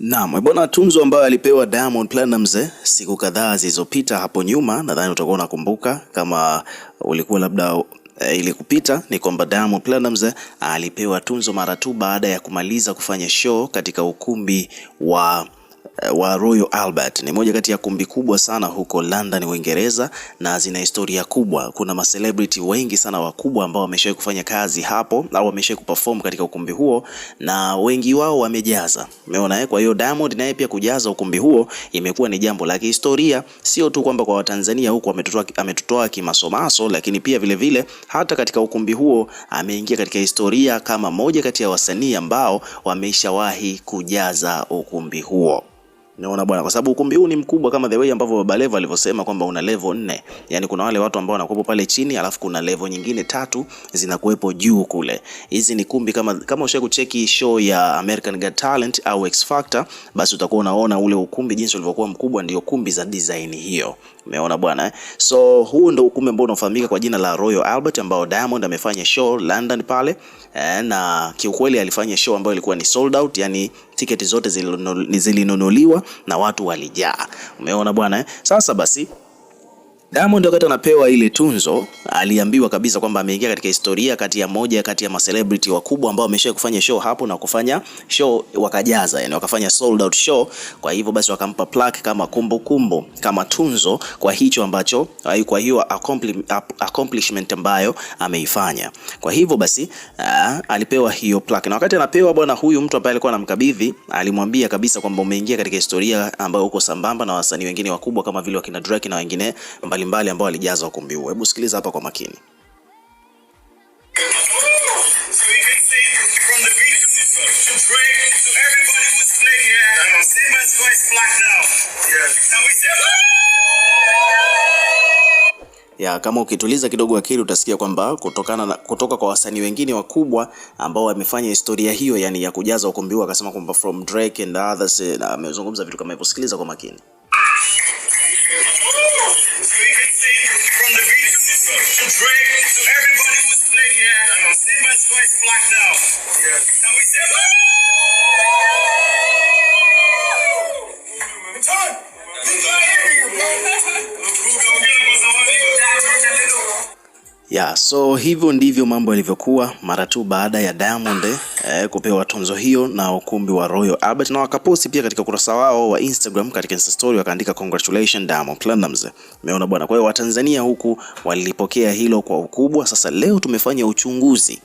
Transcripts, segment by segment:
Naam, e bwana, tunzo ambayo alipewa Diamond Platnumz eh, siku kadhaa zilizopita hapo nyuma, nadhani utakuwa unakumbuka kama ulikuwa labda ilikupita eh, ili kupita ni kwamba Diamond Platnumz eh, alipewa tunzo mara tu baada ya kumaliza kufanya show katika ukumbi wa Eh, wa Royal Albert. Ni moja kati ya kumbi kubwa sana huko London, Uingereza na zina historia kubwa. Kuna ma wengi sana wakubwa ambao wameshawahi kufanya kazi hapo au wameshawahi kuperform katika ukumbi huo na wengi wao wamejaza. Umeona eh? Kwa hiyo Diamond naye pia kujaza ukumbi huo imekuwa ni jambo la kihistoria, sio tu kwamba kwa Watanzania huko ametotoa ametotoa kimasomaso, lakini pia vile vile hata katika ukumbi huo ameingia katika historia kama moja kati ya wasanii ambao wameshawahi kujaza ukumbi huo. Unaona bwana, kwa sababu ukumbi huu ni mkubwa kama the way ambavyo Baba Levo alivyosema kwamba una level nne, yani kuna wale watu ambao wanakuwepo pale chini, alafu kuna level nyingine tatu zinakuwepo juu kule. Hizi ni kumbi kama kama ushawahi kucheki show ya American Got Talent au X Factor, basi utakuwa unaona ule ukumbi jinsi ulivyokuwa mkubwa, ndio kumbi za design hiyo. Umeona bwana eh? So huu ndo ukumbi ambao unafahamika kwa jina la Royal Albert ambao Diamond amefanya show London pale eh, na kiukweli alifanya show ambayo ilikuwa ni sold out, yani tiketi zote zilinunuliwa na watu walijaa. Umeona bwana eh? Sasa basi Diamond wakati anapewa ile tunzo aliambiwa kabisa kwamba ameingia katika historia kati ya moja kati ya macelebrity wakubwa ambao wameshawahi kufanya show hapo na kufanya show wakajaza, yani wakafanya sold out show. Kwa hivyo basi wakampa plaque kama kumbukumbu kumbu, kama tunzo kwa hicho ambacho, kwa hiyo accomplishment ambayo ameifanya. Kwa hivyo basi aa, alipewa hiyo plaque, na wakati anapewa bwana, huyu mtu ambaye alikuwa anamkabidhi alimwambia kabisa kwamba umeingia katika historia ambayo uko sambamba na wasanii wengine wakubwa kama vile wakina Drake na wengine mbali mbalimbali ambao alijaza ukumbi huo. Hebu sikiliza hapa kwa makini. Ya, kama ukituliza kidogo akili utasikia kwamba kutokana na, kutoka kwa wasanii wengine wakubwa ambao wamefanya historia hiyo yani ya kujaza ukumbi huu, akasema kwamba from Drake and others, eh, amezungumza vitu kama hivyo. Sikiliza kwa makini. ya Yeah. we Woo! Yeah, so hivyo ndivyo mambo yalivyokuwa mara tu baada ya Diamond eh, kupewa tunzo hiyo na ukumbi wa Royal Albert, na wakaposti pia katika ukurasa wao wa Instagram katika Insta story wakaandika congratulations Diamond Platnumz. Umeona bwana. Kwa hiyo Watanzania huku walipokea hilo kwa ukubwa. Sasa leo tumefanya uchunguzi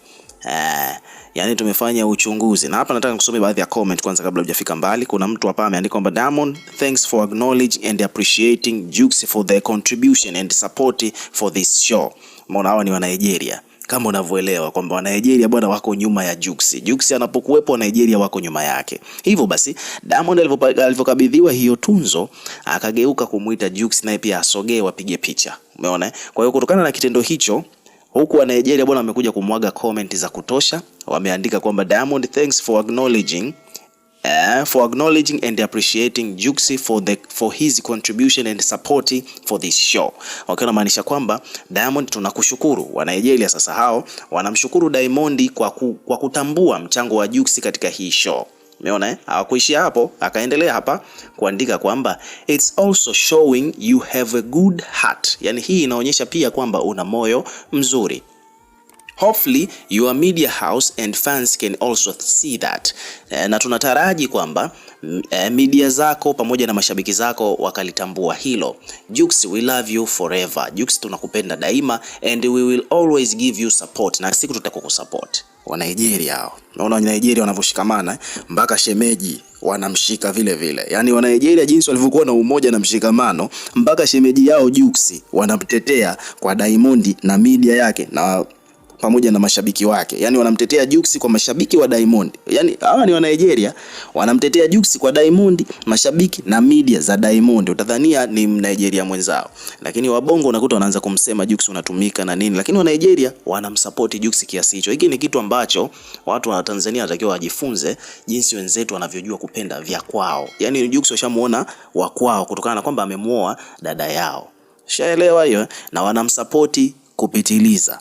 eh, yani tumefanya uchunguzi na hapa nataka nikusome baadhi ya comment kwanza kabla hujafika mbali. Kuna mtu hapa ameandika kwamba Diamond, thanks for acknowledge and appreciating Jux for their contribution and support for this show. Mbona hawa ni wa Nigeria kama unavyoelewa kwamba wa Nigeria bwana wako nyuma ya Jux. Jux anapokuwepo wa Nigeria wako nyuma yake. Hivyo basi Diamond alivyokabidhiwa hiyo tunzo akageuka kumuita Jux naye pia asogee wapige picha. Umeona? Eh? Kwa hiyo kutokana na kitendo hicho Huku wa Nigeria bwana wamekuja kumwaga comment za kutosha, wameandika kwamba Diamond thanks for acknowledging Uh, for acknowledging and appreciating Juxi for the for his contribution and support for this show. Wakiwa namaanisha kwamba Diamond tunakushukuru. Wa Nigeria sasa hao wanamshukuru Diamond kwa, ku, kwa kutambua mchango wa juksi katika hii show. Umeona eh? Hawakuishia hapo, akaendelea hapa kuandika kwamba it's also showing you have a good heart. Yaani hii inaonyesha pia kwamba una moyo mzuri. Hopefully your media house and fans can also see that. E, na tunataraji kwamba e, media zako pamoja na mashabiki zako wakalitambua hilo. Jux, we love you forever. Jux, tunakupenda daima and we will always give you support, na siku tutakukusupport. Wa Nigeria hao. Naona wa Nigeria wanavyoshikamana mpaka shemeji wanamshika vile vile. Yaani wa Nigeria jinsi walivyokuwa na umoja na mshikamano mpaka shemeji yao Jux wanamtetea kwa Diamond na media yake na pamoja na mashabiki wake. Yaani wanamtetea Jux kwa mashabiki wa Diamond. Yaani hawa ni wa Nigeria, wanamtetea Jux kwa Diamond, mashabiki na media za Diamond. Utadhania ni Nigeria mwenzao. Lakini wabongo unakuta wanaanza kumsema Jux unatumika na nini. Lakini wa Nigeria wanamsupport Jux kiasi hicho. Hiki ni kitu ambacho watu wa Tanzania wanatakiwa wajifunze jinsi wenzetu wanavyojua kupenda vya kwao. Yaani Jux washamuona wa kwao kutokana na kwamba amemuoa dada yao. Shaelewa hiyo eh? na wanamsupport kupitiliza.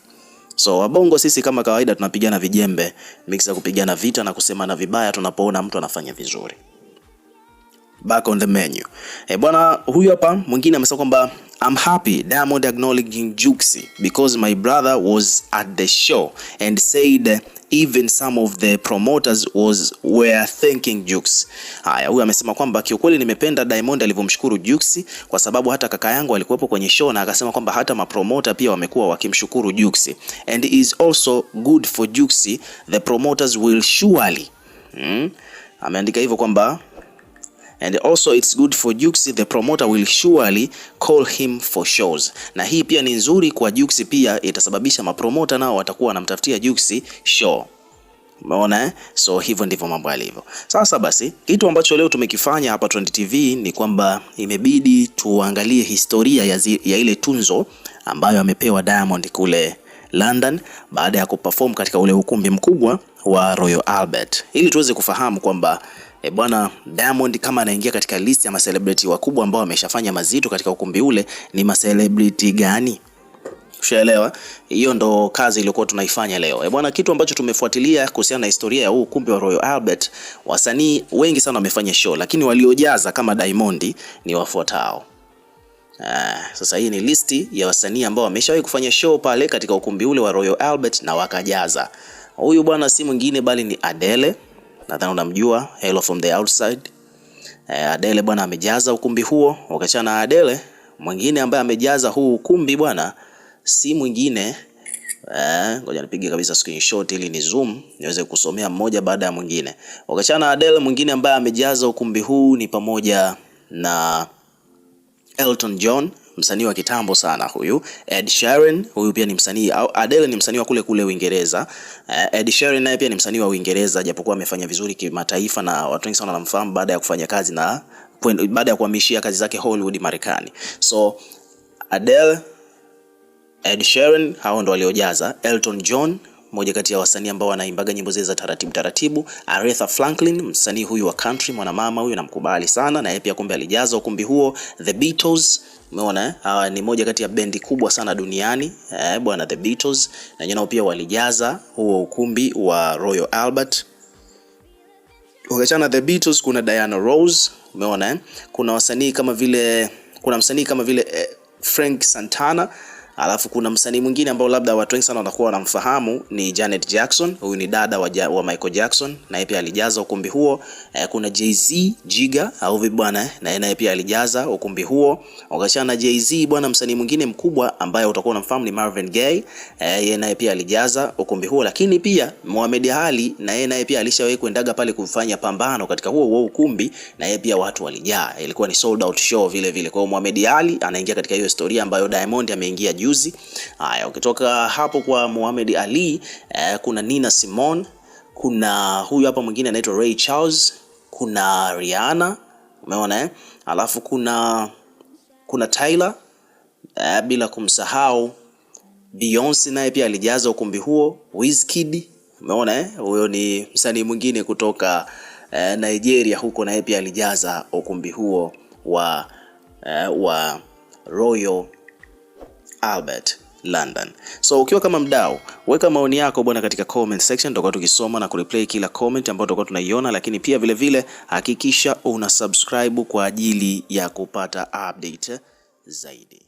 So wabongo sisi kama kawaida tunapigana vijembe mix ya kupigana vita na kusemana vibaya tunapoona mtu anafanya vizuri. Back on the menu. Eh, bwana huyu hapa mwingine amesema kwamba I'm happy Diamond acknowledging Juxi because my brother was at the show and said even some of the promoters was were thanking Jux. Haya, huyu amesema kwamba kiukweli nimependa Diamond alivyomshukuru Jux kwa sababu hata kaka yangu alikuwepo kwenye show na akasema kwamba hata mapromota pia wamekuwa wakimshukuru Jux. And is also good for Jux. The promoters will surely. Hmm? Ameandika hivyo kwamba and also it's good for Jux, the promoter will surely call him for shows. Na hii pia ni nzuri kwa Jux, pia itasababisha mapromota nao watakuwa wanamtafutia Jux show. Umeona eh? So hivyo ndivyo mambo yalivyo. Sasa basi, kitu ambacho leo tumekifanya hapa Trend TV ni kwamba imebidi tuangalie historia ya, zi, ya ile tunzo ambayo amepewa Diamond kule London baada ya kuperform katika ule ukumbi mkubwa wa Royal Albert, ili tuweze kufahamu kwamba E bwana, Diamond kama anaingia katika list ya macelebrity wakubwa ambao wameshafanya mazito katika ukumbi ule, ni macelebrity gani? Ushaelewa? Hiyo ndo kazi iliyokuwa tunaifanya leo. E bwana, kitu ambacho tumefuatilia kuhusiana na historia ya huu ukumbi wa Royal Albert, wasanii wengi sana wamefanya show, lakini waliojaza kama Diamond ni wafuatao. Ah, sasa hii ni listi ya wasanii ambao wameshawahi kufanya show pale katika ukumbi ule wa Royal Albert na wakajaza. Huyu bwana si mwingine bali ni Adele nadhani unamjua Hello from the outside. E, Adele bwana amejaza ukumbi huo. Ukiachana na Adele, mwingine ambaye amejaza huu ukumbi bwana si mwingine eh, ngoja nipige kabisa screenshot ili ni zoom niweze kusomea mmoja baada ya mwingine. Ukiachana na Adele, mwingine ambaye amejaza ukumbi huu ni pamoja na Elton John msanii wa kitambo sana huyu Ed Sheeran. Huyu pia ni msanii au Adele ni msanii wa kule kule Uingereza. Eh, Ed Sheeran naye pia ni msanii wa Uingereza, japokuwa amefanya vizuri kimataifa na watu wengi sana wanamfahamu baada ya kufanya kazi na baada ya kuhamishia kazi zake Hollywood Marekani. So Adele, Ed Sheeran hao ndo waliojaza Elton John mmoja kati ya wasanii ambao wanaimbaga nyimbo zile za taratibu taratibu. Aretha Franklin, msanii huyu wa country, mwanamama huyu namkubali sana, na yeye pia kumbe alijaza ukumbi huo. The Beatles Umeona eh? Hawa ni moja kati ya bendi kubwa sana duniani eh, bwana The Beatles na nyinao pia walijaza huo ukumbi wa Royal Albert. Ukiachana The Beatles, kuna Diana Rose umeona eh? Kuna wasanii kama vile kuna msanii kama vile eh, Frank Santana Alafu kuna msanii mwingine ambao labda watu wengi sana watakuwa wanamfahamu ni Janet Jackson. Huyu ni dada wa, ja, wa Michael Jackson na yeye pia alijaza ukumbi huo. E, kuna Jay-Z Jiga au vipi bwana, na naye pia alijaza ukumbi huo. Eh, Wakachana eh? na Jay-Z bwana, msanii mwingine mkubwa ambaye utakuwa unamfahamu ni Marvin Gaye. Eh, yeye naye pia alijaza ukumbi huo, lakini pia Mohamed Ali na yeye naye pia alishawahi kuendaga pale kufanya pambano katika huo huo ukumbi, na yeye pia watu walijaa, ilikuwa ni sold out show vile vile. Kwa hiyo Mohamed Ali anaingia katika hiyo historia ambayo Diamond ameingia juzi. Haya, ukitoka hapo kwa Muhammad Ali eh, kuna Nina Simone, kuna huyu hapa mwingine anaitwa Ray Charles, kuna Rihanna, umeona eh? Alafu kuna kuna Tyler eh, bila kumsahau Beyonce naye pia alijaza ukumbi huo. Wizkid umeona eh? Huyo ni msanii mwingine kutoka eh, Nigeria huko, naye pia alijaza ukumbi huo wa eh, wa Royal Albert London. So ukiwa kama mdau, weka maoni yako bwana katika comment section, tutakuwa tukisoma na kureplay kila comment ambayo tutakuwa tunaiona, lakini pia vile vile hakikisha una subscribe kwa ajili ya kupata update zaidi.